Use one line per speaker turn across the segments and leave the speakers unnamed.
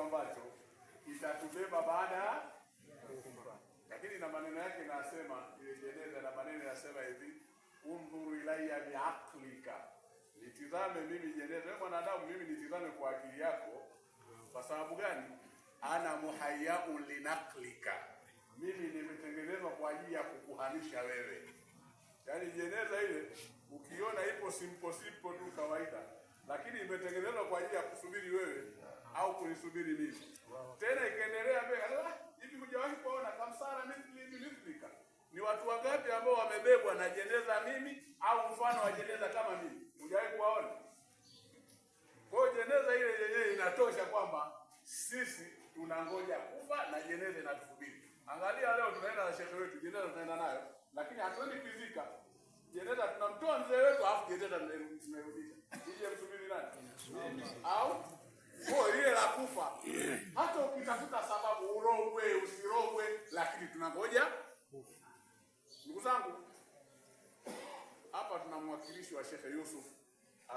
ambacho itatubeba baada
ya kufa.
Lakini na maneno yake nasema, ile jeneza na maneno yasema hivi, undhuru ilaya biaklika, nitizame mimi jeneza, wewe mwanadamu, mimi nitizame kwa akili yako. Kwa sababu gani? ana muhayyau linaklika, mimi nimetengenezwa kwa ajili ya kukuhanisha wewe. Yaani jeneza ile ukiona ipo simpo simpo tu kawaida, lakini imetengenezwa kwa ajili ya kusubiri wewe kunisubiri mimi. Tena ikaendelea mbele, ala, hivi hujawahi kuona kamsara nilifika? Ni watu wangapi ambao wamebebwa na jeneza mimi au mfano wa jeneza kama mimi? Hujawahi kuwaona? Kwa hiyo jeneza ile yenyewe inatosha kwamba sisi tunangoja kufa na jeneza inatusubiri. Angalia leo tunaenda na shehe wetu, jeneza tunaenda nayo, lakini hatuendi kuizika. Jeneza tunamtoa mzee wetu afu jeneza tunairudisha. Ije msubiri
nani?
Au? Kwa ile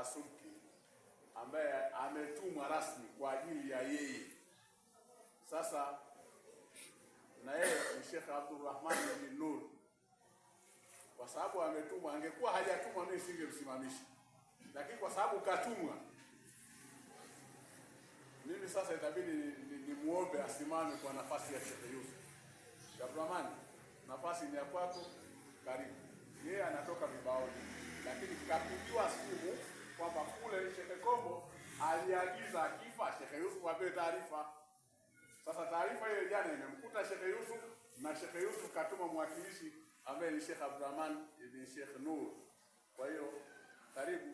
Kasuki ambaye ametumwa rasmi kwa ajili ya yeye. Sasa na yeye ni Sheikh Abdurrahman bin Nur, kwa sababu ametumwa. Angekuwa hajatumwa mimi singemsimamisha, lakini kwa sababu katumwa, mimi sasa itabidi nimuombe ni, ni asimame kwa nafasi ya Sheikh Yusuf. Sheikh nafasi ni ya kwako, karibu. Yeye anatoka vibaoni, lakini kakujua simu kwamba kule Shehe Kombo aliagiza akifa Shehe Yusuf apewe taarifa. Sasa taarifa hiyo jana imemkuta Shehe Yusuf na Shehe Yusuf katuma mwakilishi ambaye ni shekh abdurahman ibn shekh Nur. Kwa hiyo karibu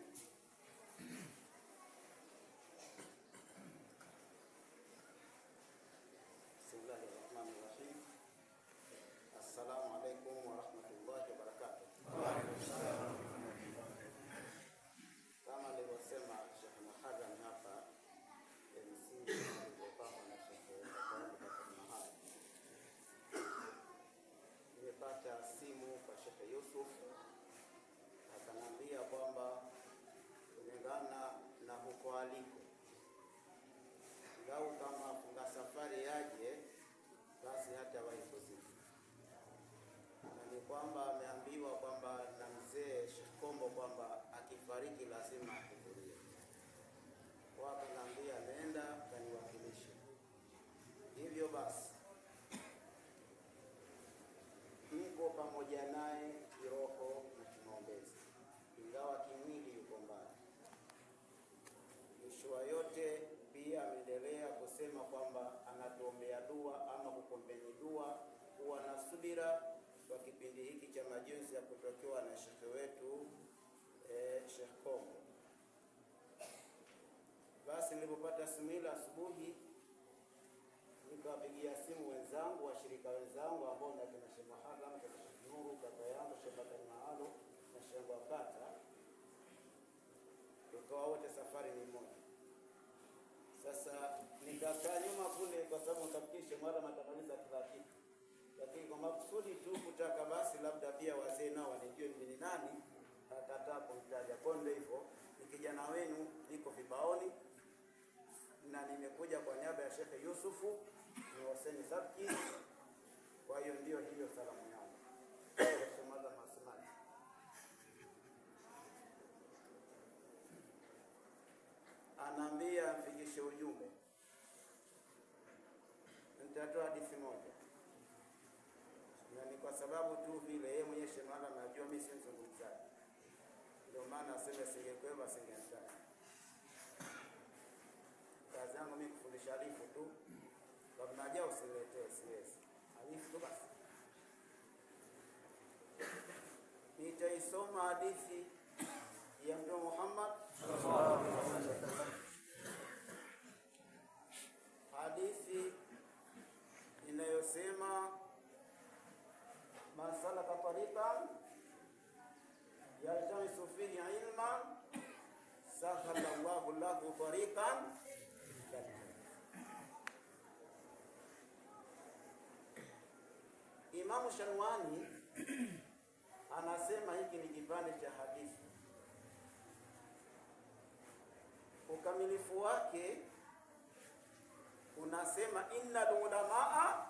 kwamba ameambiwa kwamba na mzee Shikombo kwamba akifariki lazima ahudhurie. Wakanaambia nenda kaniwakilishe. Hivyo basi niko pamoja naye kiroho na kimaombezi, ingawa kimwili yuko mbali. Mwisho yote pia ameendelea kusema kwamba anatuombea dua ama kukombeni dua, huwa na subira kwa kipindi hiki cha majonzi ya kutokewa na shekhe wetu e, Sheikh Kombo. Basi nilipopata simu ile asubuhi, nikawapigia simu wenzangu, washirika wenzangu ambao na kina Sheikh Mahakama, kina Sheikh Nuru, kaka yangu Sheikh Bakari Maalo na Sheikh Wakata, tukawa wote safari ni moja. Sasa nikakaa nyuma kule, kwa sababu nitafikisha mara matamaniza kila kitu lakini kwa makusudi tu kutaka basi labda pia wazee nao wanijue mimi ni nani, akakataa kumtaja. Kwa ndio hivyo, ni kijana wenu, niko vibaoni na nimekuja kwa niaba ya Shekhe Yusufu ni Hoseni Sabki. Kwa hiyo ndio hiyo salamu yangu somaza masimani anaambia mfikishe ujumbe, nitatoa hadithi moja kwa sababu tu vile yeye mwenyewe Shemala anajua mimi si mzungumzaji, ndio maana aseme singekwepa singemtaka. Kazi yangu mimi kufundisha alifu tu, kwa mnajua usiletee, siwezi alifu tu basi. Nitaisoma hadithi ya Mtume Muhammad
sallallahu alaihi wasallam
tariqan Imamu Sharwani anasema hiki ni kipande cha hadithi. Ukamilifu wake unasema inna ulamaa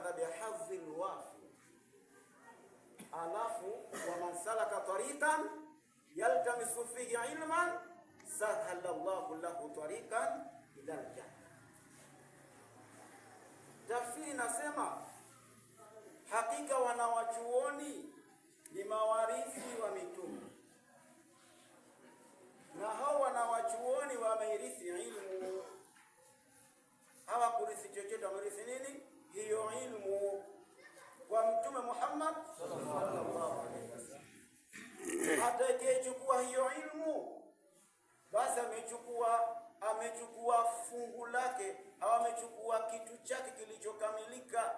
akhadha bihadhi lwafi, alafu waman salaka tariqan yaltamisu fihi ilman sahala llahu lahu tariqan ila ljanna. Tafsiri inasema hakika wanawachuoni ni mawarithi wa mitume na hao wanawachuoni wameirithi ilmu, hawakurithi chochote, wameirithi nini? Hiyo hata
sallallahu
Atakayechukua hiyo ilmu basi amechukua amechukua fungu lake au amechukua kitu chake kilichokamilika.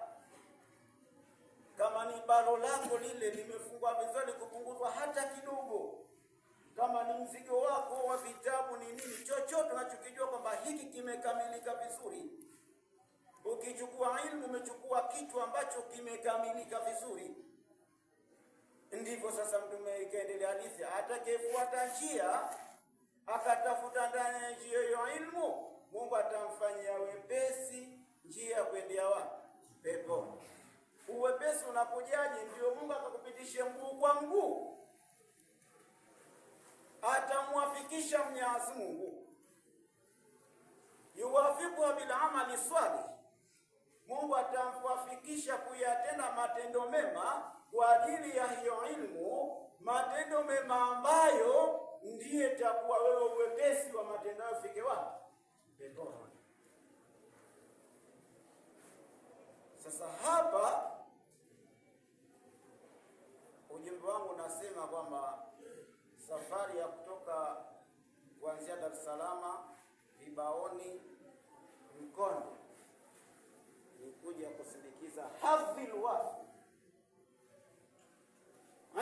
Kama ni balo lako lile limefungwa vizuri, kupunguzwa hata kidogo. Kama ni mzigo wako wa vitabu, ni nini, chochote unachokijua kwamba hiki kimekamilika vizuri Ukichukua ilmu, umechukua kitu ambacho kimekamilika vizuri. Ndivyo sasa Mtume ikaendelea hadithi, atakayefuata njia akatafuta ndani ya njia hiyo ilmu, Mungu atamfanyia wepesi njia ya kuendea wa pepo. Uwepesi unakujaje? Ndio Mungu akakupitishe mguu kwa mguu, atamwafikisha Mwenyezi Mungu yuwafiku bil amali swalih Mungu atamwafikisha kuyatenda matendo mema kwa ajili ya hiyo ilmu, matendo mema ambayo ndiye takuwa wewe uwepesi wa matendo hayo fike wapi? Peponi. Sasa hapa ujumbe wangu unasema kwamba safari ya kutoka kuanzia Dar es Salaam Vibaoni Mkondo ya kusindikiza hadhi lwafi.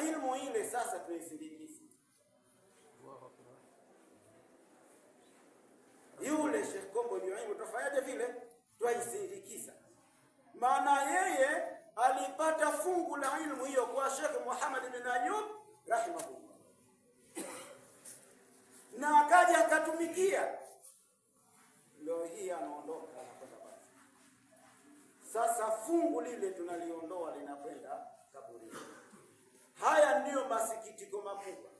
Ilmu ile sasa tunaisindikiza. Yule shekh Kombo Juaimu tutafanyaje? Vile twaisindikiza, maana yeye alipata fungu la ilmu hiyo kwa Sheikh muhamad bin Ayub rahimahullah, na akaja akatumikia. Leo hii anaondoka sasa fungu lile tunaliondoa linakwenda kaburini. Haya ndiyo masikitiko makubwa.